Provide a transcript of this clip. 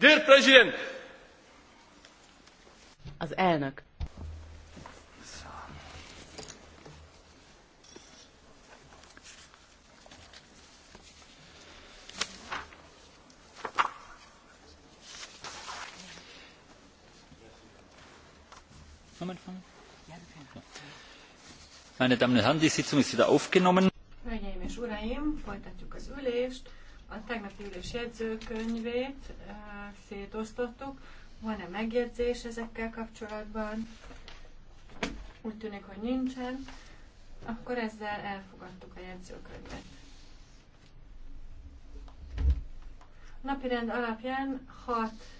Dear President! Az elnök. Meine Damen und Herren, die Sitzung ist wieder aufgenommen. Hölgyeim és uraim, folytatjuk az ülést a tegnapi ülés jegyzőkönyvét eh, szétosztottuk. Van-e megjegyzés ezekkel kapcsolatban? Úgy tűnik, hogy nincsen. Akkor ezzel elfogadtuk a jegyzőkönyvet. Napirend alapján hat